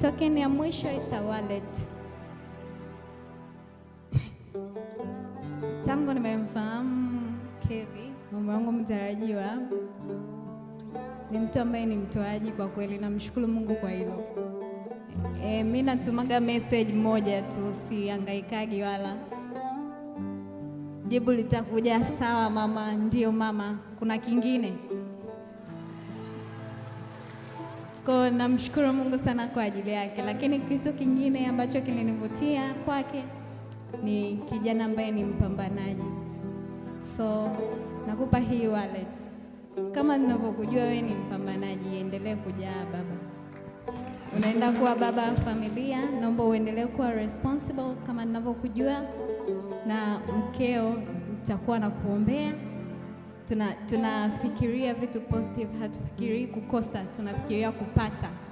Token ya mwisho ita wallet. Tangu nimemfahamu Kevi, mume wangu mtarajiwa, ni mtu ambaye ni mtoaji kwa kweli, namshukuru Mungu kwa hilo. E, mi natumaga message moja tu, sihangaikagi wala jibu litakuja sawa mama, ndiyo mama, kuna kingine Kwa namshukuru Mungu sana kwa ajili yake, lakini kitu kingine ambacho kilinivutia kwake ni kijana ambaye ni mpambanaji. So nakupa hii wallet, kama ninavyokujua wewe ni mpambanaji, endelee kujaa baba, unaenda kuwa baba wa familia. Naomba uendelee kuwa responsible kama ninavyokujua, na mkeo nitakuwa na kuombea tunafikiria tuna vitu positive, hatufikirii kukosa, tunafikiria kupata.